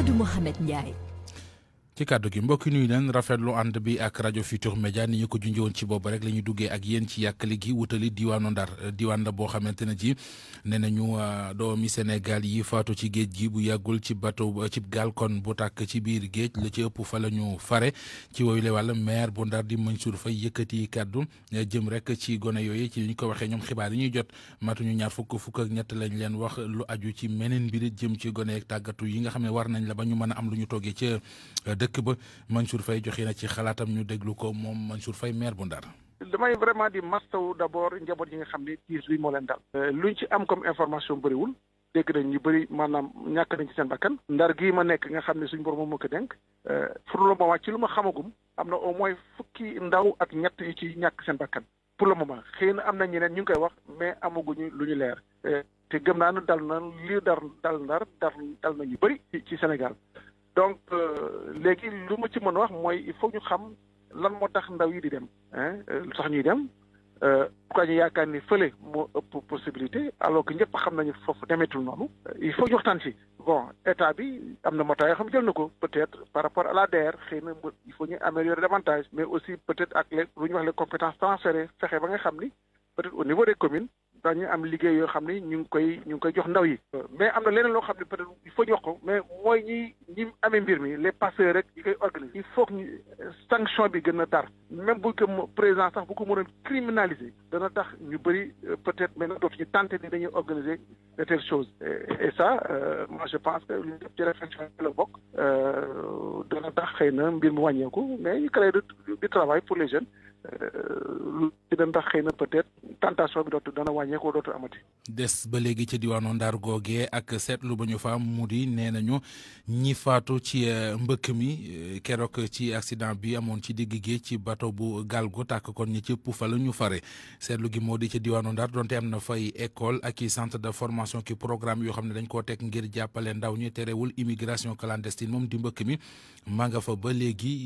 Amadou Mohamed Ndiaye ci kàddu gi mbokki nuyu leen rafetlu ànd bi ak rajo Futur Média ni ñu ko junjoon ci boobu rek la ñu duggee ak yéen ci yàkkali gi wutali diwaanu Ndar diwaan la boo xamante ne ji nee nañu euh, doomi Sénégal yi faatu ci géej gi bu yàggul ci bateau ci gaal kon bu tàkk ci biir géej la ci ëpp fa la ñu fare ci woyu le wàll maire bu Ndar di Mansour Faye yëkkati kàddu euh, jëm rek ci gone yooyu ci li ñu ko waxee ñoom xibaar yi ñuy jot matuñu ñaar fukk fukk ñett lañ leen wax lu aju ci meneen mbir jëm ci gone ak tàggatu yi nga xam ne war nañ la ba ñu mën a am lu ñu toggee dëkk ba Mansour Faye joxe na ci xalaatam ñu déglu ko moom Mansour Faye maire bu Ndar. damay vraiment di mastaw d' abord njaboot yi nga xam ne tiis bi moo leen dal. Euh, luñ ci am comme information bëriwul. dégg nañ ñu bëri maanaam ñàkk dañ ci seen bakkan. ndar gii ma nekk nga xam ne suñ borom moo ko dénk. Euh, pour le moment ci lu ma xamagum. am na au moins fukki ndaw ak ñett yu ci ñàkk seen bakkan. pour le moment xëy na am na ñeneen ñu ngi koy wax mais amaguñu lu ñu leer. Euh, te gëm naa dal na li dar dal ndar dal dal na ñu bëri. ci Sénégal. donc euh, léegi lu ma ci mën wax mooy il faut ñu xam lan moo tax ndaw yi di dem hein euh, tax ñuy dem euh, pourquoi ñu yaakaar ni fële moo ëpp possibilité alors que ñëpp xam nañu foofu demeetul noonu il faut ñu waxtaan ci bon état bi am na motaay xam jël na ko peut-être par rapport à la DR xëy na il faut ñu améliorer davantage mais aussi peut-être ak lu ñu wax les compétences transférées fexe ba nga xam ni peut-être au niveau des communes dañu am liggéey yoo xam ne ñu ngi koy ñu ngi koy jox ndaw yi. mais am na leneen loo xam ne peut-être il faut ñu ko. mais mooy ñi ñi amee mbir mi les passeurs rek ñi koy organiser. il faut ñu sanction bi gën a tar. même bu ko président sax bu ko mënoon criminaliser. dana tax ñu bëri euh, peut-être maintenant dootuñu tenter ni dañuy organiser de telle chose et ça euh, moi je pense que lu def ci réflexion bi la bokk. Euh, dana tax xëy na mbir mu wàññeeku mais ñu créer du travail pour les jeunes. lu ci dem ndax na peut-être tentation bi dootu dana wàññeeku dootu amati. des ba léegi ci diwaanu Ndar googee ak seetlu ba ñu fa am mu di nee nañu ñi faatu ci euh, mbëkk mi euh, keroog ci accident bi amoon ci digg géej ci bato bu gaal gu tàkk kon ñi ci pufa la ñu fare seetlu gi moo di ci diwaanu Ndar donte am na fay école ak i centre de formation ki programme yoo xam ne dañ koo teg ngir jàppale ndaw ñi terewul immigration clandestine moom di mbëkk mi maa nga fa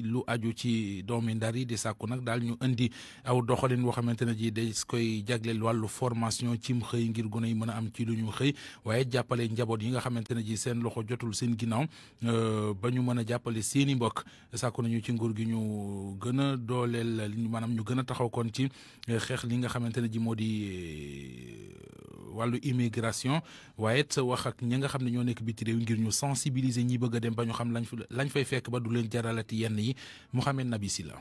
lu aju ci doomi yi di sàkku nag indi aw doxalin wo xamantene ji day koy jaglel walu formation cim xëy ngir gune yi am ci luñu xëy waye jàppale njabot yi nga xamantene ji seen loxo jotul seen ginaaw euh bañu mën jàppale seen mbok sa ko ñu ci nguur gi ñu gën a dooleel maanaam ñu gëna taxaw kon ci xex li nga xamantene ji modi walu immigration waye sa wax ak ñi nga xamne ne ñoo nekk ci rew ngir ñu sensibiliser ñi bëgg dem bañu xam lañ fay fekk ba du leen jaralati yenn yi Mouhamed Nabi Silla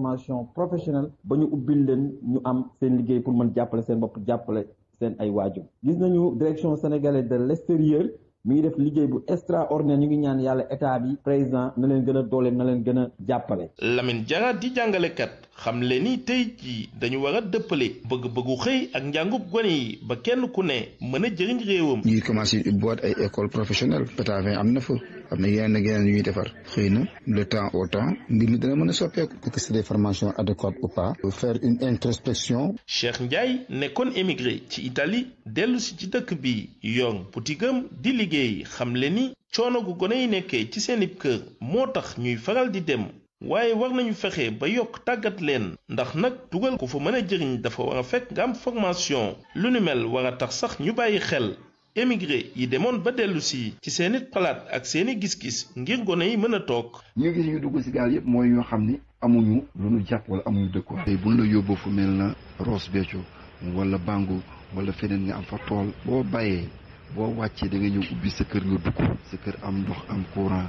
formation professionnelle ba ñu ubbil leen ñu am seen liggéey pour mën jàppale seen bopp jàppale seen ay waajur gis nañu direction sénégalaise de l'extérieur mi ngi def liggéey bu extraordinaire ñu ngi ñaan yàlla état bi président na leen gën a dooleel na leen gën a jàppale. Lamine Diarra di jàngalekat. xam leen ni tey jii dañu war a dëppale bëgg-bëggu xëy ak njàngub gone yi ba kenn ku ne mën a jëriñ réewam. ñuy commencé boot ay école professionnelle pétavin am na fa am na yeneen ak yeneen yu ñuy defar xëy na le temps au temps mbir mi dana mën a soppeeku. que c'est des formations adéquates ou pas. une introspection. Cheikh Ndiaye nekkoon émigré ci itali dellu si ci dëkk bi yong butigam di liggéey xam leen ni coono gu gone yi nekkee ci seen i kër moo tax ñuy faral di dem. waaye war nañu fexe ba yokk tàggat leen ndax nag dugal ko fa mën a jëriñ dafa war a fekk nga am formation lu ni mel war a tax sax ñu bàyyi xel émigré yi demoon ba dellu si ci seen i xalaat ak seen i gis-gis ngir gone yi mën a toog. ñu gis ñu dugg si gaal yëpp mooy yoo xam ni amuñu lu ñu jàpp wala amuñu dëkkuwaay. tey buñ la yóbboo fu mel na Ross Béthio wala bàngo wala feneen nga am fa tool boo bàyyee boo wàccee da nga ñëw ubbi sa kër nga dugg kër am ndox am courant.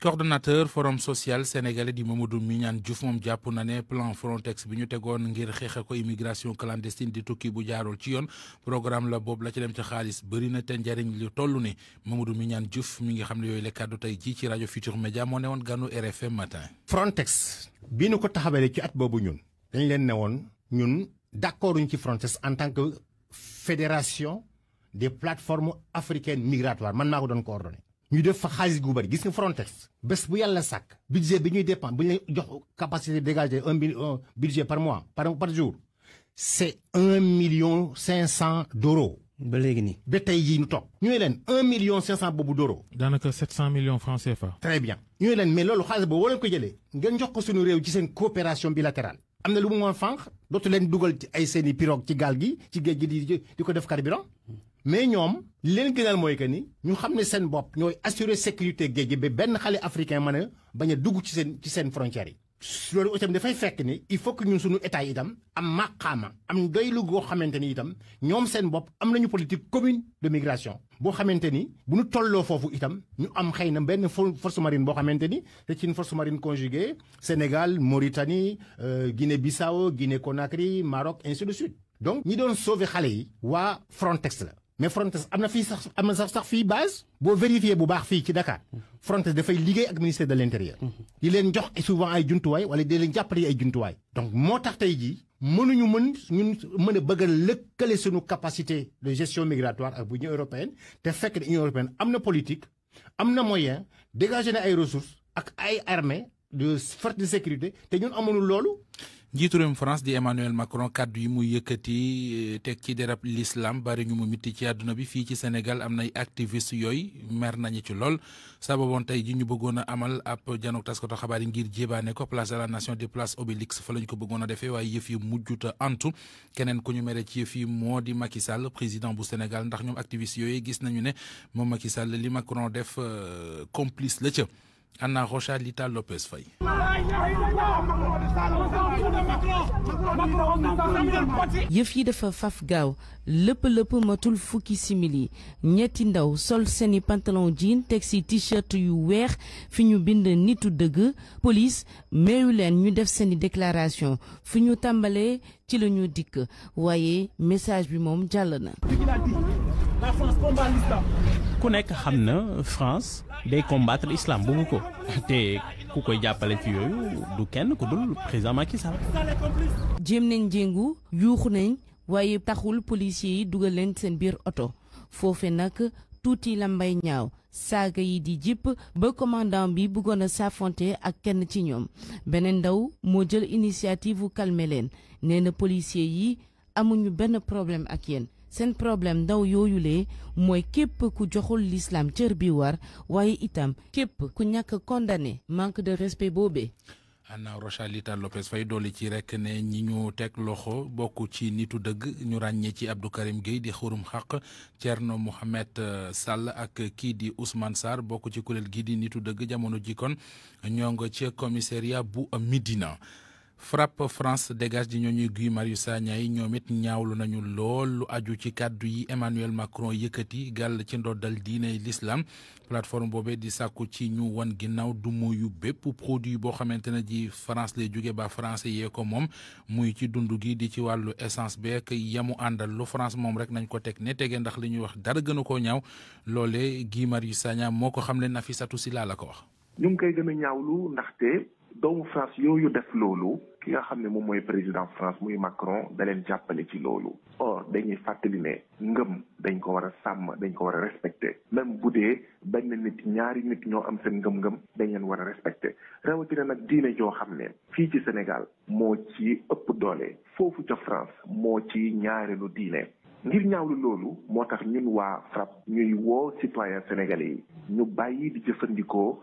coordonnateur forum social sénégalais di Mamadou Mignane Diouf moom na plan Frontex bi ñu tegoon ngir xeexe ko immigration clandestine di tukki bu jaarul ci yoon programme la boobu la ci dem ci xaalis bëri na te njariñ lu toll ni Mamadou Mignane Diouf mi nga ci rajo future Média moo ne ganu RFM matin. Frontex bi nu ko taxawalee ci at boobu ñun dañ leen ne ñun ci Frontex en tant que fédération des plateformes africaines migratoires man maa ñu def fa xaalis gu bëri gis nga Frontex bés bu yàlla sàkk budget bi ñuy dépend bu ñu lay jox capacité dégagée un budget par mois par par jour c'est un million cinq cent d'euros ba léegi nii ba tey jii ñu toog ñu ne leen un million cinq cent boobu d'euros daanaka sept cent millions francs CFA très bien ñu ne leen mais loolu xaalis boobu waleen ko jëlee ngeen jox ko suñu réew ci seen coopération bilatérale am na lu mu moon fànq dootu leen dugal ci ay seeni pirogue ci gaal gi ci géej gi di di ko def carburant mais ñom li leen gënal moy que ni ñu xamné seen bop ñoy assurer sécurité géej bi ben benn africain mën baña bañ dugg ci seen ci seen frontières yi. loolu itam fay fekk ni il faut que ñun suñu état yi itam am maqama am doylu go xamanteni itam ñom seen bop am nañu politique commune de migration. bo xamanteni ni bu ñu tolloo foofu itam ñu am xeyna ben force marine bo xamanteni c'est une force marine conjuguée Sénégal Mauritanie euh, Guinée-Bissau Guinée-Conakry Maroc ainsi de suite. donc ñi doon sauver xalé yi wa Frontex la mais Frontex amna fi sax amna sax sax fi base bo vérifier bu baax fi ci Dakar Frontex fay liggéey ak ministère de l'intérieur. Mhm. di est jox souvent ay jumtuwaay wala di len jappali ay donc motax vous ji jii mënuñu mën ñun mën a suñu capacité de gestion migratoire ak l'Union européenne té fekk que l'Union européenne amna une politique un moyen dégager des ay ressources ak ay armées de force de sécurité te ñun amuñu loolu. njiitu réewum France di Emmanuel Macron kaddu yi mu yëkëti eh, teg ci derab l'islam bari ñu mu miti ci aduna bi fi ci Sénégal am nay activiste yoy mer nañu ci lool sababoon tay ji ñu bëggona a amal ab janook taskatu xabaar yi ngir jébané ko place de la nation di place Obélix fa lañ ko bëggona défé way waaye yëf yi mujjuta antu keneen ku ñu méré ci yëf yi moo Macky Sall président bu Sénégal ndax ñom activiste yoy gis nañu né moom Macky Sall li Macron def euh, complice la ca. Anna Rocha yëf yi dafa faf gaaw lëpp lëpp matul fukki simili ñetti ndaw sol seeni pantalon jean teg si t yu weex fi ñu bind nitu dëgg polis meeyu leen ñu def seeni déclaration fi ñu tàmbalee ci lañu dikk waaye message bi moom jàll na. ku nekk xam na France day combattre l'islam bëgg ko te ku koy jàppale ci yooyu du kenn ku dul président Macky jéem nañ jéngu yuuxu nañ waaye taxul policiers yi dugal leen seen biir oto foofe nag tuuti la mbay ñaaw saaga yi di jipp ba commandant bi bëggoon a saafonte ak kenn ci ñoom beneen ndaw moo jël initiative u calmer leen nee na policiers yi amuñu benn problème ak yéen. seen problème ndaw yooyulee mooy képp ku joxul l'islam cër bi war waaye itam képp ku ñàkk condamné manque de respect boobee Anna Rochalita Lopez fay dolli ci rek ne ñi ñu teg loxo bokk ci nitu dëgg ñu ràññee ci Abdou Karim Gueye di xurum xaq Thierno Mohamed euh, Sall ak kii di Ousmane Sarr bokk ci kuréel gi di nitu dëgg jamono jikkoon ñoo nga ci commissariat bu Médina FRAPP France dégage di ñooñu Guy Marius Sagna yi ñoom it ñaawlu nañu lool lu aju ci kàddu yi Emmanuel Macron yëkkati gàll ci ndoddal diine l'islam plateforme boobee di sàkku ci ñu wan ginnaaw du moyu bépp produit boo xamante ne ji France lay jóge ba france yee ko moom muy ci dund gi di ci wàllu essence beek yemu àndal lu France moom rek nañ ko teg ne tege ndax li ñuy wax dara gën a koo ñaw loole Guy yu Sagna moo ko xam ne si laa la ko wax. doomu France yooyu def loolu ki nga xam ne moom mooy président France muy Macron da leen jàppale ci loolu or dañuy fàttali ne ngëm dañ ko war a sàmm dañ ko war a respecté même bu dee benn nit ñaari nit ñoo am seen ngëm-ngëm dañ leen war a respecté rawatina nag diine joo xam ne fii ci Sénégal moo ci ëpp doole foofu ca France moo ci ñaareelu diine ngir ñaawlu loolu moo tax ñun waa FRAPP ñuy woo citoyen sénégalais yi ñu bàyyi di jëfandikoo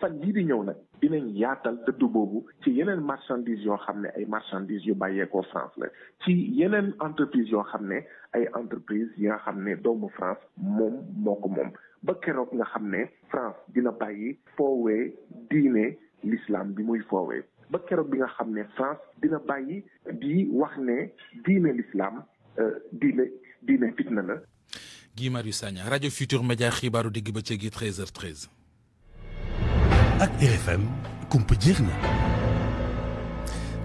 fan yii di ñëw nag dinañ yaatal dëdd boobu ci yeneen marchandises yoo xam ne ay marchandises yu bàyyeekoo France la ci yeneen entreprises yoo xam ne ay entreprises yi nga xam ne doomu France moom moo ko moom ba keroog nga xam ne France dina bàyyi foowee diine l'islam bi muy foowee ba keroog bi nga xam ne France dina bàyyi di wax ne diine l'islam euh, diine diine fitna la. Guy Marius Sagna rajo Futur Média xibaaru digg bëccëg yi 13h13 ak RFM kumpa jeex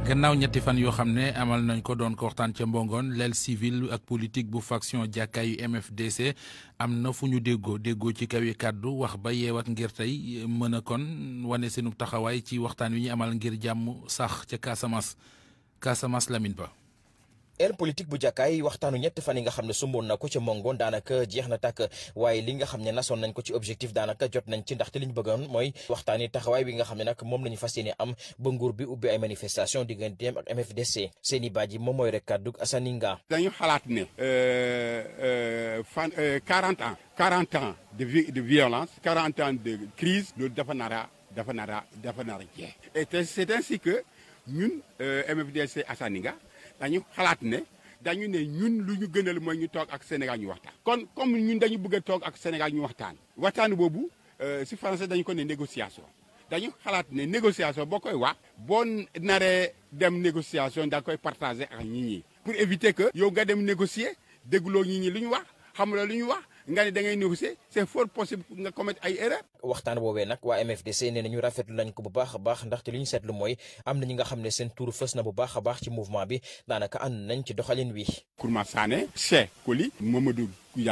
gannaaw ñetti fan yoo xam ne amal nañ ko doon ko waxtaan ca mbongoon l'aile civil ak politique bu faction jàkkaayu MFDC am na fu ñu déggoo déggoo ci kaw yi kàddu wax ba yeew ngir tey mën a kon wane seenub taxawaay ci waxtaan wi ñu amal ngir jàmm sax ca Casamance Casamance Lamine Ba. aile politique bu jàkkaay waxtaanu ñett fan yi nga xam ne sumboon na ko ci mongon daanaka jeex na tàkk waaye li nga xam ne nasoon nañ ko ci objectif daanaka jot nañ ci ndaxte li ñu bëggoon mooy waxtaani taxawaay bi nga xam ne nag moom la ñu fas yéene am ba u bi ubbi ay manifestation digganteem ak MFDC Seyni Badji moom mooy rek kàddu Assane Nga dañu xalaat ne euh, euh, euh, quarante 40 ans 40 ans de de violence 40 ans de crise loolu dafa nara dafa nara dafa nara jeex et c'est ainsi que ñun MFDC Assane Nga dañu xalaat ne dañu ne ñun lu ñu gënal mooy ñu toog ak Sénégal ñu waxtaan. kon comme ñun dañu bëgg a toog ak Sénégal ñu waxtaan. waxtaan boobu euh, si français dañu ko ne négociation dañu xalaat ne négociation boo koy wax. boo naree dem négociation da koy partager ak ñi ñi pour éviter que. yow nga dem négocier dégloo ñi ñi lu ñu wax xam la lu ñu wax. nga ne da ngay négocier c'est fort possible nga commettre ay erreur waxtaan woowee nag waa MFDC nee nañu rafetlu nañ ko bu baax a baax ndaxte li ñu seetlu mooy am na ñi nga xam ne seen tur fës na bu baax a baax ci mouvement bi daanaka ànd nañ ci doxalin wi. Kourma Sané Che Koli Mamadou bi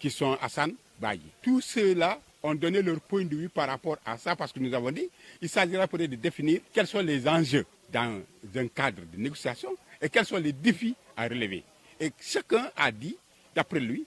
qui sont Assane Badji tous ceux-là ont donné leur point de vue par rapport à ça parce que nous avons dit il s'agira peut de définir quels sont les enjeux dans un cadre de négociation et quels sont les défis à relever et chacun a dit d'après lui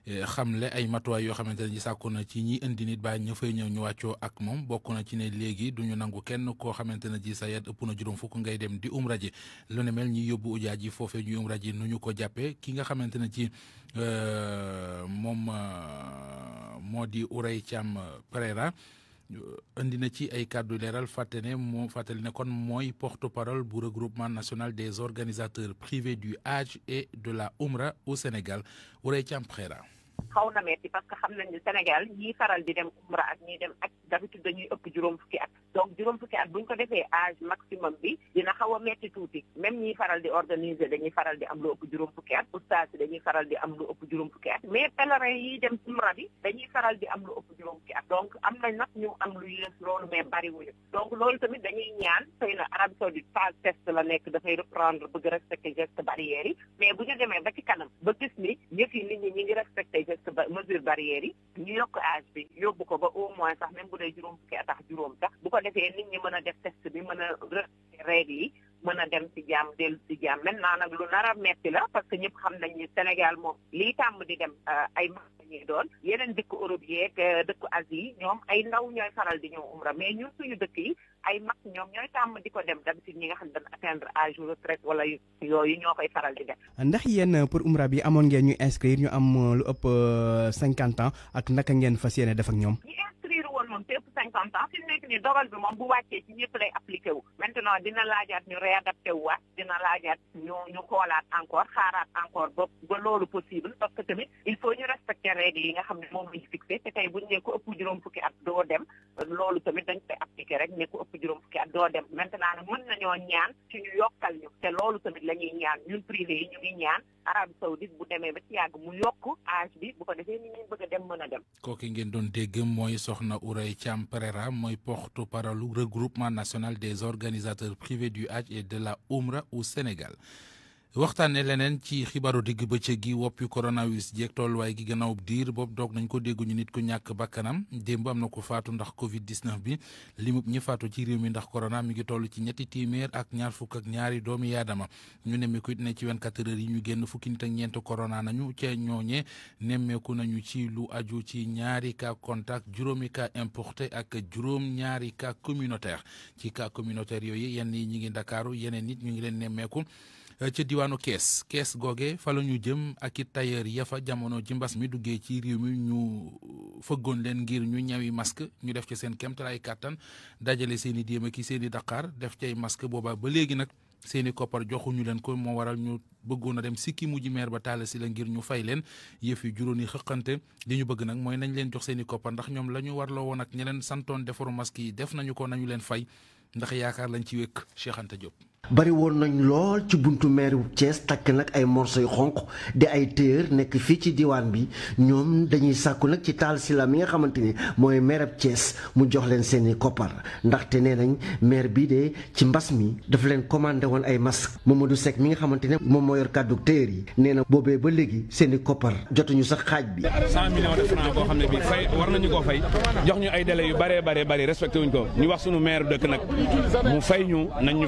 Eh, xamle ay matuwaay yoo xamante ne sàkku na ci ñi indi nit ba ña fay ñëw ñu wàccoo ak moom bokk na ci ne léegi du ñu nangu kenn koo xamante ne ji sa yat ëpp na juróom fukk ngay dem di umra ji lu mel ñi yóbbu ujaa ji ñu ñuy umra ji nu ñu ko jàppee ki nga xamante ne ci eh, moom eh, moo di Houraye Thiam Pereira indi euh, na ci ay kàddu leeral fàtte moo ne kon mooy porte parole bu regroupement national des organisateurs privés du hajj et de la umra au Sénégal Houreye Thiam Préra xaw na metti parce que xam nañ ne Sénégal ñiy faral di dem umra ak ñiy dem ak d'habitude dañuy ëpp juróom fukki at donc juróom fukki at buñ ko defee âge maximum bi dina xaw a metti tuuti même ñiy faral di organiser dañuy faral di am lu ëpp juróom fukki at oustaz dañuy faral di am lu ëpp juróom fukki at mais pèlerin yiy dem umra bi dañuy faral di am lu ëpp juróom fukki at donc am na nag ñu am lu yées loolu mais bariwuñu donc loolu tamit dañuy ñaan xëy na Arabie Saoudite phase test la nekk dafay reprendre bëgg respecter geste barrières yi mais bu ñu demee ba ci kanam ba gis ni yëf yi nit ñi ñi ngi respecter geste ba mesure barrières yi ñu yokk âge bi yóbbu ko ba au moins sax même bu dee juróom fukki at ak juróom sax ko defee nit ñi mën a def test bi mën a reed yi mën a dem si jàmm dellu si jàmm maintenant nag lu nar a metti la parce que ñëpp xam nañ ni Sénégal moom lii tàmm di dem ay ñuy doon yeneen dëkk Europe yeeg dëkk Asie ñoom ay ndaw ñooy faral di ñëw umra mais ñun suñu dëkk yi ay mag ñoom ñooy tàmm di ko dem dem si ñi nga xam dañ atteindre âge retraite wala yooyu ñoo koy faral di def. ndax yéen pour umra bi amoon ngeen ñu inscrire ñu am lu ëpp ans ak naka ngeen fas yéene def ak ñoom. ni dogal bi moom bu wàccee ci ñëpp lay appliqué wu maintenant dina laajaat ñu réadapté wu waat dina laajaat ñu xoolaat encore xaaraat encore ba ba loolu possible parce que tamit il faut ñu respecter règles yi nga xam ne moom lañu fixé te tey buñ ne ko ëpp juróom fukki at doo dem loolu tamit dañ koy appliqué rek ne ko ëpp juróom fukki at doo dem maintenant nag mën nañoo ñaan ci ñu yokkal ñu te loolu tamit la ñuy ñaan ñun privé yi ñu ngi ñaan Arabie Saoudite bu demee ba ci yàgg mu yokk âge bi bu ko defee nit ñi a dem mën a par le regroupement national des organisateurs privés du Hajj et de la Oumra au Sénégal. waxtaanee leneen ci xibaaru digg bëccëg gi woppi coronavirus jeeg tolluwaay gi gannaaw diir boobu doog nañ ko dégguñu nit ku ñàkk bakkanam démb am na ko faatu ndax Covid 19 bi limub ñi faatu ci réew mi ndax corona mi ngi toll ci ñetti téeméer ak ñaar fukk ak ñaari doomi yaadama ñu nemmeeku it ne ci 24 heures yi ñu génn fukki nit ñeent corona nañu ca ñooñee nemmeeku nañu ci lu aju ci ñaari cas contact juróomi cas importé ak juróom-ñaari cas communautaire ci cas communautaire yooyu yenn yi ñu ngi Ndakaaru yeneen nit ñu ngi leen nemmeeku. Eh, ci diwanu kees kees goge, fa la ñu jëm ak tailleur ya fa jamono ci mbass mi duggé ci réew mi ñu eh, fëggoon len ngir ñu ñawi masque ñu def ci seen kemtalaay katan dajale seen i ki ak seen i daqaar def cay masque boba ba léegi nag seeni koppar joxuñu len ko mo waral ñu bëggoon a dem sikki mujj meer ba taala si la ngir ñu fay leen yëf yi juróoni xëqante li ñu bëgg nag mooy nañ leen jox seeni koppar ndax ñoom la ñu warloo woon ak ñi santoon defaru masque yi def nañu ko nañu leen fay ndax yaakaar lañ ci wékk Cheikh Anta Diop bari woon nañ lool ci buntu meeru Thiès takk nag ay morso yu xonq di ay téer nekk fii ci diwaan bi ñoom dañuy sàkku nag ci taal si mi nga xamante ni mooy maire ab Thiès mu jox leen seeni koppar ndaxte nee nañ maire bii de ci mbas mi dafa leen commandé woon ay masque Mamadou Seck mi nga xamante ne moom moo yor kàddu téer yi nee na boobee ba léegi seeni koppar jotuñu sax xaaj bi. 100 millions xam ne bi fay war nañu koo fay jox ñu ay dell yu baree baree bari respecté wuñ ko ñu wax sunu maire dëkk nag mu fay ñu nañ ñu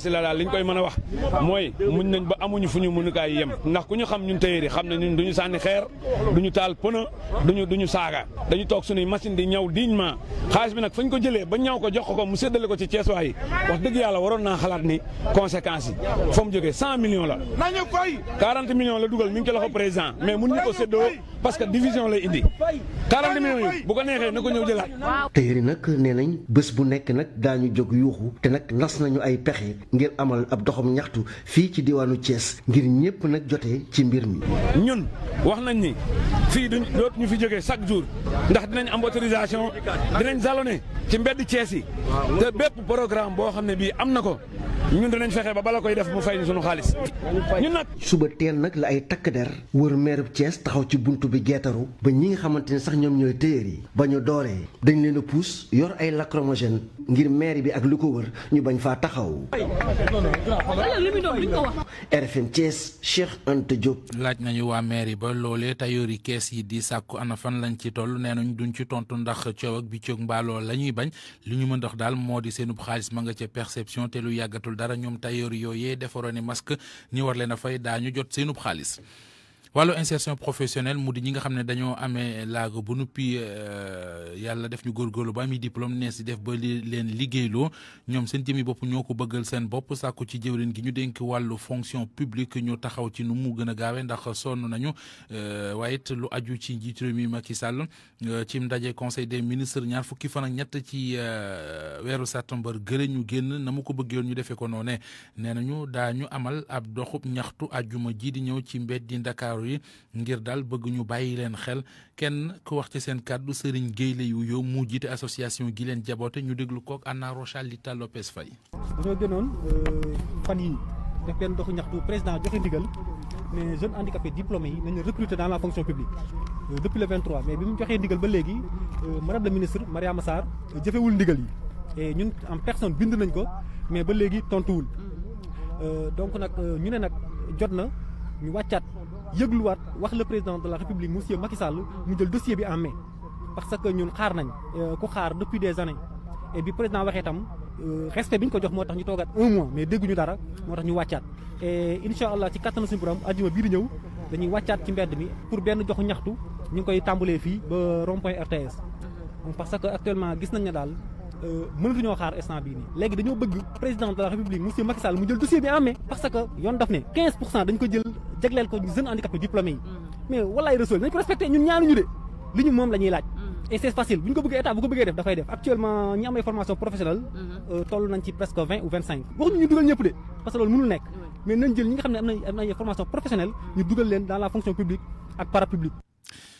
Talla Sylla li ñu koy mën a wax mooy muñ nañ ba amuñu fu ñu mënukaay yem ndax ku ñu xam ñun tëyëri xam ne ñun duñu sànni xeer duñu taal pëna duñu duñu saaga dañu toog suñuy machine di ñaw ma xaalis bi nag fañ ko jëlee ba ñaw ko jox ko mu séddale ko ci ceesuwaay yi wax dëgg yàlla waroon naa xalaat ni conséquences yi fa mu jógee cent millions la quarante millions la dugal mi ngi ci loxo président mais mun ñu ko séddoo parce que division lay indi quarante millions yi bu ko neexee na ko ñëw jëlaat tëyëri nag nee nañ bés bu nekk nag daañu jóg yuuxu te nag nas nañu ay pexe ngir amal ab doxam ñaxtu fii ci diwaanu cees ngir ñëpp nag jotee ci mbir mi. ñun wax nañ ni fii duñ ñu fi jógee chaque jour ndax dinañ am autorisation dinañ jalonné ci mbedd Thiès yi te bépp programme boo xam ne bii am na ko. ñun dinañ fexe ba bala koy def mu fay ñu sunu xaalis. ñun nag. suba teel nag la ay takk der wër meerub cees taxaw ci bunt bi geetaru ba ñi nga xamante ne sax ñoom ñooy téyeer yi. ba ñu dooree dañ leen a yor ay lacrymogène ngir maire bi ak lu ko wër ñu bañ faa taxaw. RFM Thiès Cheikh Anta Diop. laaj nañu waa mairie ba loolee tayoori kees yi di sàkku ana fan lañ ci toll nee nañ duñ ci tontu ndax coow ak bi coog mbaaloo la ñuy bañ li ñu mën ndox daal moo di seenub xaalis ma nga ca perception te lu yàggatul dara ñoom tayoori yooyee defaroon ni masque ñi war leen a fay daañu jot seenub xaalis. wàllu insertion professionnelle mu di ñi nga Yaladef ne dañoo amee laago bu nuppi euh, yalla def ñu ba mi diplôme nees di def ba li leen liggéeyloo ñom seen timi bop ñoko bëggal seen ci jëwreen gi ñu fonction publique ñu taxaw ci nu mu gëna gaawé ndax sonu nañu euh lu aju ci mi Macky Sall euh, ci ndaje conseil des ministres ñaar fukki fan ak ñett ci euh, wéru septembre Nenu ñu genn na ñu défé ko amal ab doxub ñaxtu àjjuma ji di ñew ci ndakaaru yi ngir dal bëgg ñu bàyyi leen xel kenn ku wax ci seen kàddu sëriñ Gueye yu yow mu jiite association gi leen jaboote ñu déglu kook Anna Rochal Lita Lopez Faye dañoo gënoon euh, fan yi def benn doxu ñaxtu président joxe ndigal mais jeunes handicapés diplômés yi nañu recruter dans la fonction publique euh, depuis le 23 mais bi mu joxee ndigal ba léegi euh, madame le ministre Mariama Sarr jëfewul ndigal yi et ñun en personne bind nañ ko mais ba léegi tontuwul donc nag ñu ne nag jot na ñu wàccaat yëgluwaat wax le président de la république monsieur Macky Sall mu jël dossier bi en main que ñun xaar nañ euh, ku xaar depuis des années bi président waxee itam euh, respect bi ñu ko jox moo tax ñu toogaat un mois mais dégguñu dara moo tax ñu wàccaat et incha allah ci kattanu suñu borom àjjuma bii di ñëw dañuy wàccaat ci mbedd mi pour benn joxu ñaxtu ñu ngi koy tàmbalee fii ba rond point RTS parce que actuellement gis nañ ne daal Euh, mënatuñoo xaar instant bii nii léegi dañoo bëgg président de la république monsieur Macky Sall mu jël dossier bi en main parce que yoon daf ne 15 pour cent dañ ko jël jagleel ko jeune handicapé diplômé yi mm. mais walaay resool nañ ko respecté ñun ñaanu ñu de li ñu moom la ñuy laaj mm. et c'est facile bu ñu ko bëggee état bu ko bëggee def dafay def actuellement ñi am ay formation professionnelle mm-hmm. euh, toll nañ ci presque 20 ou 25 waxuñu ñu dugal ñëpp de parce que loolu mënul nekk mais nañ jël ñi nga xam ne am nañ am nañ formation professionnelle mm. ñu dugal leen dans la fonction publique ak parapublique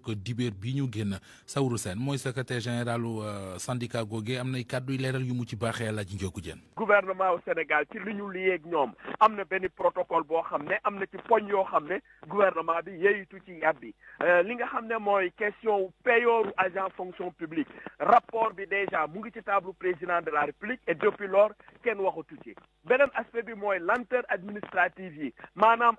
que dibéer bi ñu génn Saourou secrétaire général euh, syndicat googee am nay kàddu yu leeral yu mu ci baaxee gouvernement au Sénégal ci li ñu liyee ak ñoom am na benn protocole boo xam ne am ci poñ yoo gouvernement bi yeeyitu ci yàbbi euh, li nga xam ne mooy question payooru agent fonction publique rapport bi déjà mu ngi ci table président de la république et depuis lors kenn waxatu ci beneen aspect bi mooy lenteur administrative yi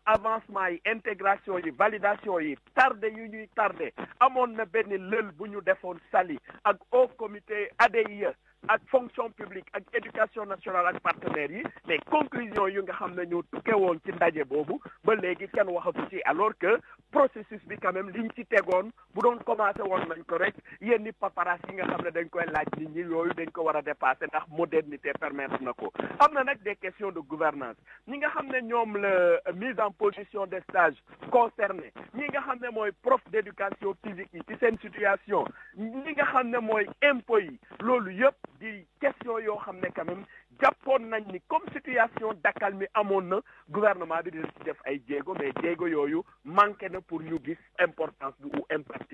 avancement yi intégration yi validation yi tardé yu ñuy tardé amoon na benn lël bu ñu defoon sali ak au comité ADIE à fonction publique à éducation nationale à partenaires yi les conclusions que nga xam ne ñoo qui ont ci ndaje boobu ba alors que processus bi quand même liñ ci tegoon bu doon commencé woon nañ ko rek yenn paparas yi nga xam ne dañ koy laaj nit dañ ko a dépasser de modernité permettre na ko Il y a des questions de gouvernance ñi nga xam ne mise en position des stages concernés ñi nga a des prof d'éducation physique qui ci en situation ñi nga a des mooy impôts question yo xam quand même japon nañ ni comme situation d'accalmie à gouvernement bi dina def ay mais Diego yoyu manquait na pour nous gis importance ou impact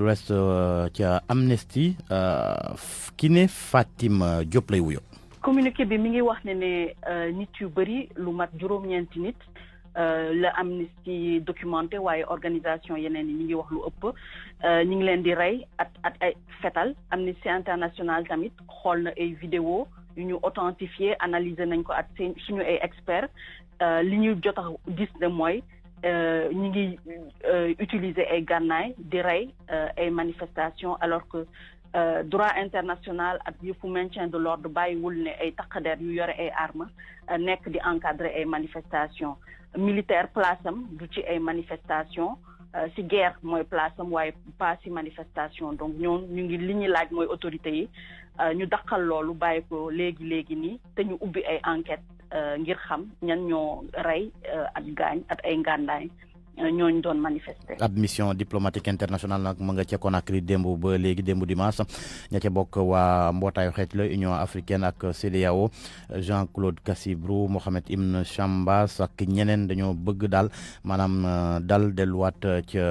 du reste amnestie Amnesty qui euh, ne Fatima Diop lay wuyoo. communiqué bi mi ngi wax ne ne euh, nit yu bëri lu mat juroom ñent nit euh, la Amnesty documenté waye organisation yenen ni ngi wax lu ëpp ñu ngi leen di ray at at ay fetal Amnesty International tamit xool na ay vidéo yu ñu authentifier analyser nañ ko at suñu ay experts li ñu jot a gis ne euh, ñu ngi euh, utiliser ay gànnaay di rey euh, ay manifestations alors que droit international ak yëfu maintien de l'ordre bàyyiwul ne ay taqadeer yu yore ay armes nekk di encadrer ay manifestations militaire place am du ci ay manifestations si guerre mooy place am waaye pas si manifestation donc ñoom ñu ngi li ñuy laaj mooy autorités yi ñu daqal loolu bàyyi ko léegi léegi nii te ñu ubbi ay enquêtes. ngir xam ñan ñoo rey euh, ak gaañ ak ay ngàndaay ñooñu doon manifester. ab mission diplomatique internationale nag mu nga ca Conakry démb ba léegi démb dimanche ña ca bokk waa mbootaayu xeet la Union africaine ak CEDEAO Jean-Claude Kassibrou Mohamed Ibn Chambas ak ñeneen dañoo bëgg daal maanaam euh, dal delluwaat euh, ca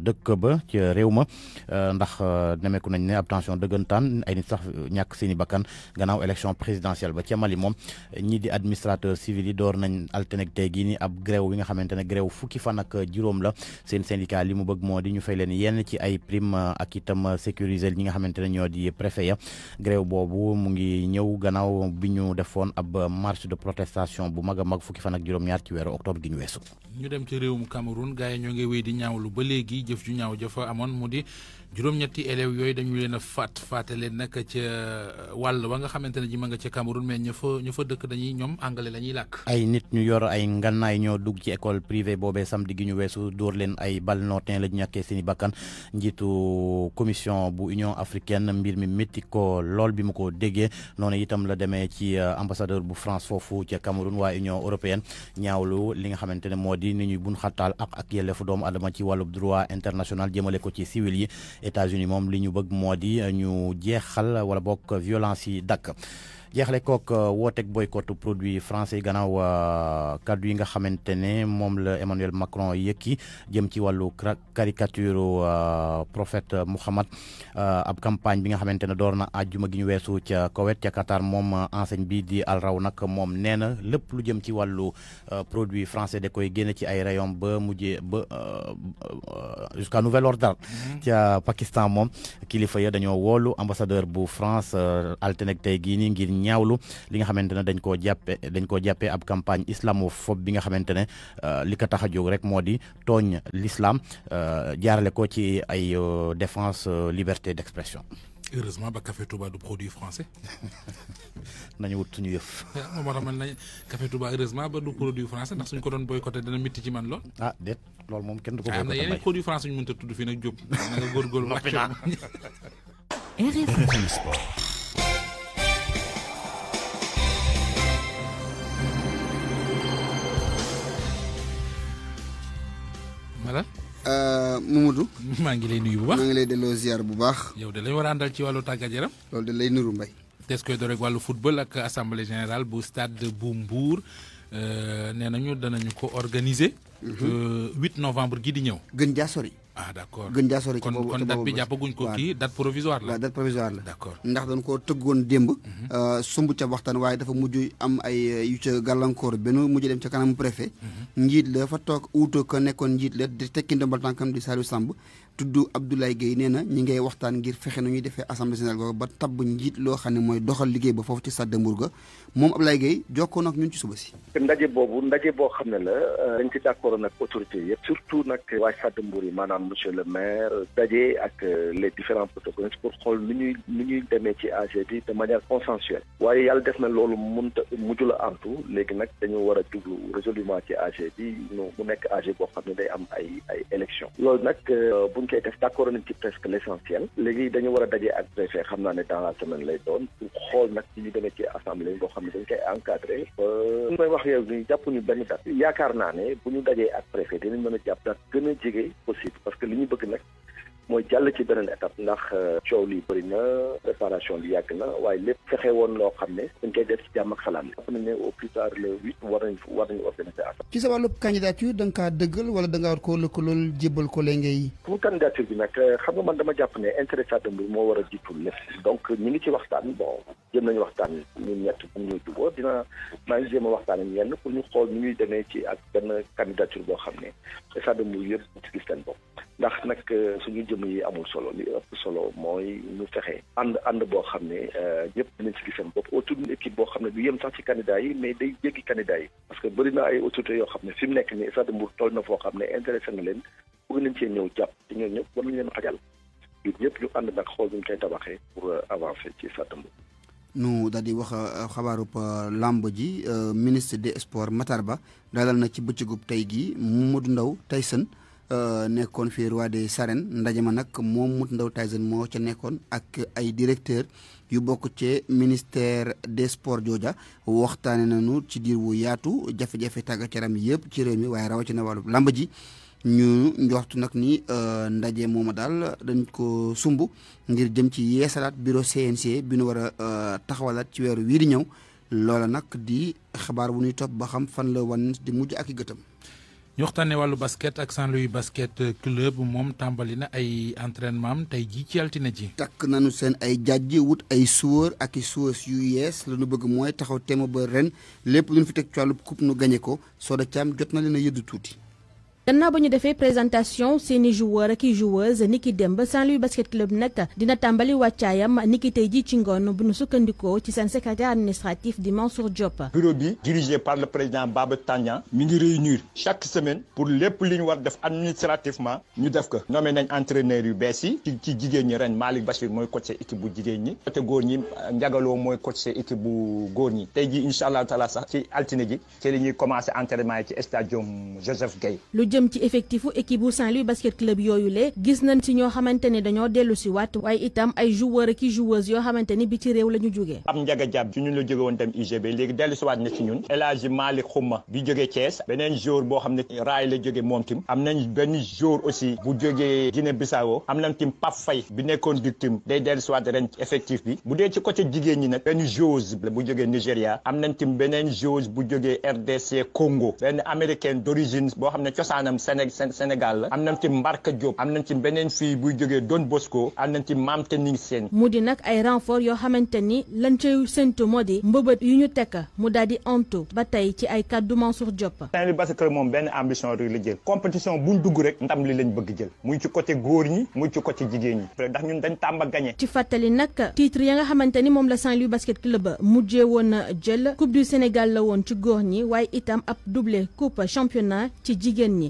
dëkk ba ca réew ma euh, ndax nemeeku nañ ne ab tension dëggantaan ay nit sax ñàkk seeni bakkan gannaaw élection présidentielle ba ca Mali moom ñii di administrateur civil yi door nañ alterné tey gii ni ab grève wi nga xamante ne grève fukki fukki fan ak juróom la seen syndicat li mu bëgg moo di ñu fay yenn ci ay prime ak itam ñi nga xamante ne ñoo di préfet ya grève boobu mu ngi ñëw gannaaw bi ñu defoon ab marche de protestation bu mag a mag fukki fan ak juróom-ñaar ci weeru octobre gi ñu weesu. ñu dem ci réewum Cameroun gars yi ñoo ngi wéy di ñaawlu ba léegi jëf ju ñaaw jafa amoon mu di. juróom-ñetti élèves yooyu dañu leen a faat leen nag ca euh, wàll wa nga xamante ne ji ma nga ca Cameroun mais ña fa ña fa dëkk dañuy ñoom anglais la làkk. ay nit ñu yor ay ngannaay ñoo dugg ci école privée boobee samedi gi ñu weesu dóor leen ay bal nootin la ñu ñàkkee seeni bakkan njiitu commission bu union africaine mbir mi métti ko lool bi mu ko déggee noonu itam la demee ci euh, ambassadeur bu France foofu ca Cameroun waa union européenne ñaawlu li nga xamante ne moo di ni ñuy bun xattaal ak ak yelleefu doomu adama ci wàllu droit international jëmale ko ci civil yi. États-Unis moom li ñu bëgg moo di euh, ñu jeexal wala bokk violence yi dakk jeexle kook euh, wooteeg boycott produit français gannaaw euh, kaddu yi nga xamante ne moom la Emmanuel Macron yëkki jëm ci wàllu caricature euh, prophète Muhammad ab campagne bi nga xamante ne door na àjjuma gi ñu weesu ca Koweït ca Qatar moom enseigne bi di alraw Raw nag moom nee na lépp lu jëm ci wàllu produit français da koy génne ci ay rayon ba mujjee ba jusqu'à nouvel ordre mhm. ca Pakistan moom kilifa ya dañoo woolu ambassadeur bu France alternek tey gii nii ngir ñaawlu li nga xamante ne dañ koo jàppe dañ koo jàppee ab campagne islamophobe bi nga xamante ne euh, li ko tax a jóg rek moo di tooñ l'islam euh, jaarale ko ci ay euh, défense liberté d'expression heureusement ba Café Touba du produit français. nañu wut suñu yëf. ah moo tax man nañ Café Touba heureusement ba du produit français ndax suñ ko doon boycotté dana mitti ci man lool. ah déet loolu moom kenn du ko ah, boycotté. yeneen produit français ñu mënta tudd fii nag Diop. na nga góorgóorlu. RFM Sport. voilà. Euh, Mamadou. Je football générale stade de Boumbourg. Nous 8 novembre ah d'accord gën jaa sori ci boobu kon date bi jàppaguñ ko kii date provisoire la date provisoire la d'accord ndax dañ koo tëggoon démb mhm. euh, sumb ca waxtaan waaye dafa mujj am ay euh, yu ca gàllankoor benn mujj dem ca kanam préfet mhm. njiit la fa toog uutoo ko nekkoon njiit la di tekki ndombal tànkam di saalu Samb tudd Abdoulaye Gueye nee na ñi ngay waxtaan ngir fexe nu ñuy defee assemblée générale ba tabb njiit loo xam ne mooy doxal liggéey ba foofu ci stade de moom Abdoulaye Gueye jokkoo nag ñun ci suba si ndaje boobu ndaje boo xam ne la euh, dañ ci d'accord nag autorité yëpp surtout nag waa stade de Mbour yi maanaam monsieur le maire daje ak euh, les différents protocoles pour xool nu ñuy nu ñuy demee ci AG bi de manière consensuelle waaye yàlla def na loolu mënta mujjul a antu léegi nag dañu war a jublu résolument ci AG bi mu nekk AG boo xam ne day am ay ay élection loolu nag euh, koy def d' accord ci presque l' essentiel léegi dañu war a dajee ak préfet xam naa ne dans la semaine lay doon pour xool nag ñu demee ci assemblée boo xam ne dañ koy encadré ba may wax yow ni jàpp ñu benn date yaakaar naa ne bu ñu dajee ak préfet dinañ mën a jàpp date gën a jege possible parce que li ñu bëgg nag mooy jàll ci beneen étape ndax euh, coow li bëri na préparation li yàgg na waaye lépp fexe woon loo xam ne dañ koy def ci jàmm ak salaam xam nañ ne au plus tard le huit war nañ war nañu organiser at ci sa wàllub candidature da nga dëggal wala da war koo lëkkalool jébbal ko léegi yi pour candidature bi nag euh, xam nga man dama jàpp ne intérêt Fatou Ndoye moo war a jiitu lépp donc ñu ngi ci waxtaan bon jëm nañu waxtaan ñun ñett bu ñuy juboo dina maa ngi jéem a waxtaan ak ñenn pour ñu xool ñu ñuy demee ci ak benn candidature boo xam ne Fatou Ndoye yëpp ci gis seen bopp dërëm amul solo li ëpp solo mooy ñu fexe ànd ànd boo xam ne euh, ñëpp dinañ si gis bopp autour d'une équipe boo xam ne du yem sax ci candidat yi mais day jéggi candidat yi parce que bëri na ay autorités yoo xam ne fi mu nekk ni sa Mbour toll na foo xam ne intéressé na leen bëgg nañ cee ñëw jàpp te ñoo ñëpp war nañ leen xajal ñun ñëpp ñu ànd nag xool ñu koy tabaxee pour euh, avancer ci sa Mbour nu daal di wax euh, xabaarub làmb ji ministre de sports Matar Ba dalal na ci bëccëgub tey gii Modou Ndaw Tyson Euh, nekkoon fii roi des arènes ndaje ma nag moom Mout Ndao Tyson moo ca nekkoon ak ay directeur yu bokk ci ministère des sports jooja waxtaane nañu ci diir wu yaatu jafe-jafe tàggat yaram yëpp ci réew mi waaye rawatina wàllu làmb ji ñu njortu nag ni euh, ndaje moom a daal dañ ko sumb ngir jëm ci yeesalaat bureau CNC bi nu war a euh, taxawalaat ci weeru wii di ñëw loola nag di xabaar bu ñuy topp ba xam fan la wan di mujj ak i gëtam. ñu waxtaanee wàllu basket ak Saint-Louis basket club moom tàmbali na ay entraînement tey jii ci altine ji. takk nañu seen ay jàjj wut ay suwër ak i suwër yu yees la ñu bëgg mooy taxaw téema ba ren lépp lu ñu fi teg ci wàllu coupe nu gagné ko Soda Thiam jot na leen a yëddu tuuti. gannaaw ba ñu defee présentation seeni joueur ak joueuse niki Demba Saint-Louis basket club nak dina tambali waccayam niki tey jii ci ngone bu nu sukkandiko ci sen secrétaire administratif di Mansour Diop. bureau bi dirigé par le président Baba Tandian mi ngi réunir chaque semaine pour lépp li ñu war def administrativement ñu def ko nommé nañ entraîneur yu bees ci ci jigéen ñi ren Malik Bachir moy coacher équipe bu jigéen ñi côté goor ñi Ndiagaloo moy coacher équipe bu goor ñi tey jii incha taala sax ci altiné ji ci li ñuy commencé entraînement ci stadium Joseph Gueye jëm ci effectifu équipe bu Saint-Louis basket club yooyu le gis nañ si ñoo xamante ne dañoo dellu si waat waaye itam ay joueurs ak joueuses yoo xamante ni bi ci réew la ñu jógee am njaga jàpp ci ñun la jóge woon tam UGB léegi dellu si waat na ci ñun El Hadji Malick Xuma bi jógee Thiès beneen joueur boo xam ne raay la jóge moom tim am nañ benn joueur aussi bu jógee Guinée Bissau am nañ tim Pap Fay bi nekkoon victime day dellu si waat ren effectif bi bu dee ci côté jigéen ñi nag benn joueuse bu jógee Nigéria am nañ tim beneen joueuse bu jógee RDC Congo cosaanam Sénégal la mbëbët yu ñu tekk mu daal di antu ba tey ci ay kàddu Mansour Diop Saint-Louis Basse-Kër moom benn ambition rek la jël compétition buñ dugg rek ndam li lañ bëgg jël muy ci côté góor ñi muy ci côté jigéen ñi ndax ñun dañ tàmba gagné ci fàttali nag titre ya nga xamante moom la Saint-Louis Basket Club mujjee woon jël coupe du Sénégal la woon ci góor ñi waaye itam ab double coupe championnat ci jigéen ñi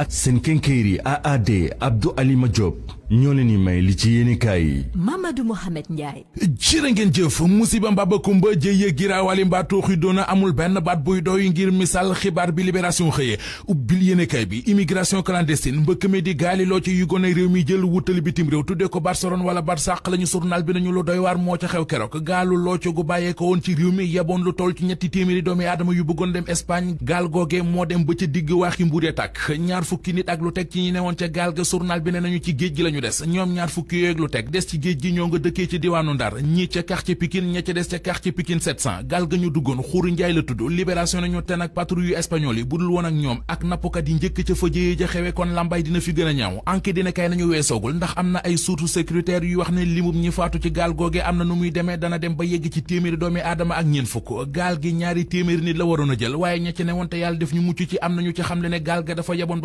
ak seen kénkéeri AAD Abdou Alima Diop ñoo leen di may li ci yéenekaay yi Mamadou Mohamed Ndiaye jërë ngeen jëf musiba mbaba kumba jëye giraawaali mbaa tooxi doona amul benn baat buy doy ngir misaal xibaar bi libération xëyee ubbil yéenekaay bi immigration clandestine mbëkk mi di gaaliloo ci yu gone réew mi jël wutali bitim réew tuddee ko Barcelone wala Barsàq lañu journal bi nañu lu doy waar moo ca xew keroog gaalu looco gu bàyyee ko woon ci réew mi yeboon lu toll ci ñetti téeméeri doomi aadama yu bëggoon dem Espagne gaal googe moo dem ba ca digg waaxi mbuuree tàkk fukki nit ak lu teg ci ñi newoon ca gaal ga journal bi ne nañu ci géej gi la ñu des ñoom ñaar fukki yooyu ak lu teg des ci géej gi ñoo nga dëkkee ci diwaanu Ndar ñi ca quartier Pikine ña ca des ca quartier Pikine 700 gaal ga ñu duggoon Xuuri Njaay la tudd libération nañu ten ak patrouille espagnol yi bu dul woon ak ñoom ak nappkat yi njëkk ca fa jëyee ja xewe kon lambay dina fi gën a ñaaw enquête dina kay nañu weesoogul ndax am na ay sources sécuritaires yu wax ne limub ñi faatu ci gaal googe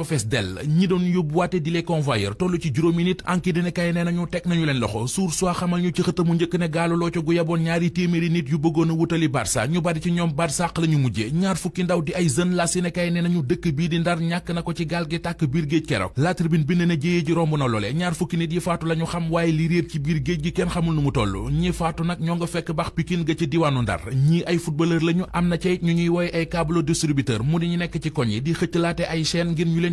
fees dell ñi doon yóbbuwaate di les convoyeurs toll ci juróomi nit anki dina nee nañu teg nañu leen loxo suur soo xamal ñu ci xëtamu njëkk ne gaalu looco gu yaboon ñaari téeméeri nit yu bëggoon a wutali Barça ñu bari ci ñoom Barsàq la ñu ñaar fukki ndaw di ay jeunes la si ne nee nañu dëkk bii di ndar ñàkk na ko ci gaal gi tàkk biir géej keroog la tribune bind na jéyee ji romb na loole ñaar fukki nit yi faatu la xam waaye li réer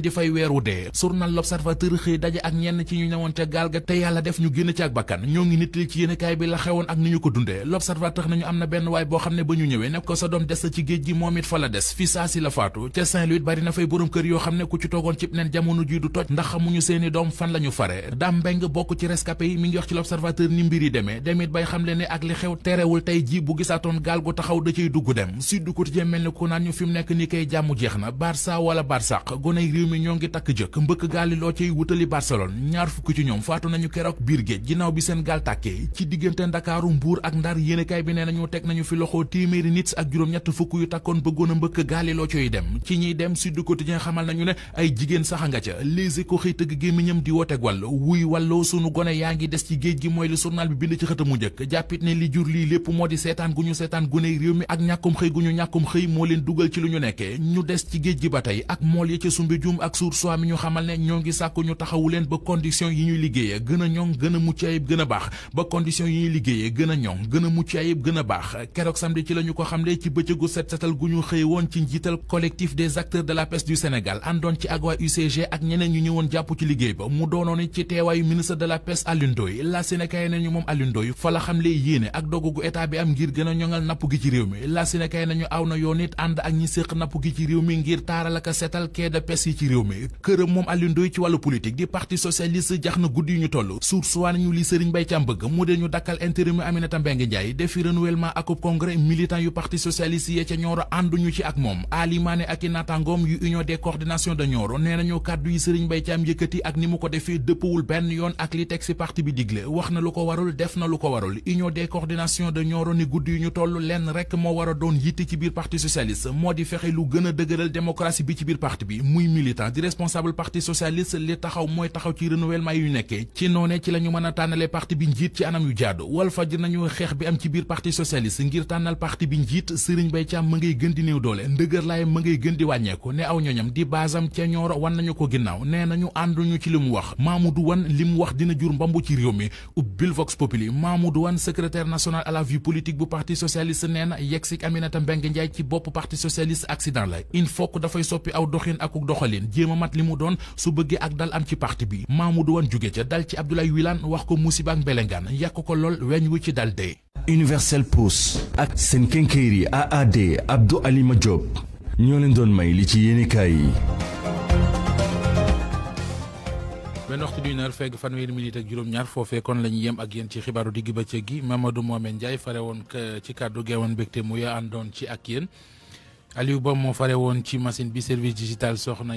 di fay weeru dee journal l'observateur xëy dajé ak ñenn ci ñu newoon ca galga té yalla def ñu gën ci ak bakkan ñoo ngi nitil ci kay bi la xewon ak ni ñu ko dundé l'observateur nañu amna na benn waay boo xam ba ñu ñëwee nek ko sa dom dess ci géej ji momit fa la dess fi sa ci la faatu ca Saint-Louis bari na fay borom kër yo xamné ku ci togon ci nen jamono ji du toj ndax xamuñu seeni dom fan lañu faré dam beng Mbeng ci rescapé yi mi ngi wax ci l'observateur ni mbiri démé démit demit bay xam le ak li xew terewul tay ji bu gisaatoon gaal gu taxaw da ciy dugg dem Sud Quotidien mel ni ku naan ñu fim nek ni kay jamu jeexna Barça wala barça goney réew mi ñoo ngi takk jëkk mbëkk gaali loo cay wutali Barcelone ñaar fukk ci ñoom faatu nañu keroog biir géej ginnaaw bi seen gaal tàkkee ci diggante Ndakaaru Mbuur ak Ndar yéenekaay bi nee nañu teg nañu fi loxo téeméeri nit ak juróom-ñett fukk yu takkoon bëggoon a mbëkk gaali loo cay dem ci ñiy dem Sud Quotidien xamal nañu ne ay jigéen sax nga ca Les Échos xëy tëgg gémmiñam di woote wàll wuy wàlloo sunu gone yaa ngi des ci géej gi mooy li journal bi bind ci xëtamu njëkk jàppit ne li jur lii lépp moo di seetaan gu ñu seetaan gune réew mi ak ñu ñàkkum xëy moo leen dugal ci lu ak suur A mi ñu xamal ne ñoo ngi sàkku ñu taxawu leen ba condition yi ñuy liggéeyee gën a ñoŋ gën a mucc ayib gën a baax ba condition yi ñuy liggéeyee gën a ñoŋ gën a mucc ayib gën a baax keroog samedi ci la ñu ko xamle ci bëccëgu set setal gu ñu xëy woon ci njiital collectif des acteurs de la pêche du Sénégal àndoon ci ak waa UCG ak ñeneen ñu ñëwoon jàpp ci liggéey ba mu doonoon ci teewaayu ministre de la pêche Alioune Ndoye la Sénégal nañu moom Alioune Ndoye fa la xamle yéene ak dogu gu état bi am ngir gën a napp gi ci réew mi la Sénégal nañu aw na yoon it ànd ak ñi napp gi ci réew mi ngir taaral ak setal quai de réew mi këram moom Alioune Ndoye ci wàllu politique di parti socialiste jax na guddi yu ñu toll sursoi nañu li Serigne Mbaye Thiam bëgg mu dee ñu dakkal intérim Aminata Mbengue Ndiaye defi renouvellement akub congrès militant yu parti socialiste yee ca Nioro ànduñu ci ak moom Ali ak i naataangoom yu union des coordination de Nioro nee nañu kàddu yi Serigne Mbaye Thiam yëkkati ak ni mu ko defee dëppawul benn yoon ak li teg si parti bi digle wax na lu ko warul def na lu ko warul union des coordination de Nioro ni guddi yu ñu toll lenn rek moo war a doon yitte ci biir parti socialiste moo di fexe lu gën a dëgëral démocratie bi bi Makhtar di responsable parti socialiste li taxaw mooy taxaw ci renouvellement yu nekkee ci noonee ci la ñu mën a tànnale parti bi njiit ci anam yu jaadu Walfadjri nañu xeex bi am ci biir parti socialiste ngir tànnal parti bi njiit Serigne Mbaye Thiam ma ngay gën di néew doole ndëgër laay ma ngay gën di wàññeeku ne aw ñoñam di basam ca ñooro wan nañu ko ginnaaw nee nañu ànduñu ci li mu wax Mamoudou Wane li mu wax dina jur mbambu ci réew mi ubbil Vox Populi Mamoudou Wane secrétaire national à la vie bu parti socialiste nee na yegsik Aminata Mbengue Ndiaye ci bopp parti socialiste accident la il faut que dafay soppi aw doxin ak doxalin jema mat limu don su beugé ak dal am ci parti bi Mamadou Wane jóge ci dal ci Abdoulaye wilan wax ko musiba ak belengane yàq ko lol wéñ wu ci dal dé Universel pouce ak seen kénkéeri AAD Abdou Ali madjob ñoo leen don may li ci yene kay ben waxtu d'une heure fekk fanweeri minute ak juroom ñaar fofé kon lañu ñu yem ak yeen ci xibaaru digg ci gi Mamadou momé ndjay faré won ci kàddu geewoon bekté mu ya andon ci ak yeen Aliou Ba mo faré won ci machine bi service digital soxna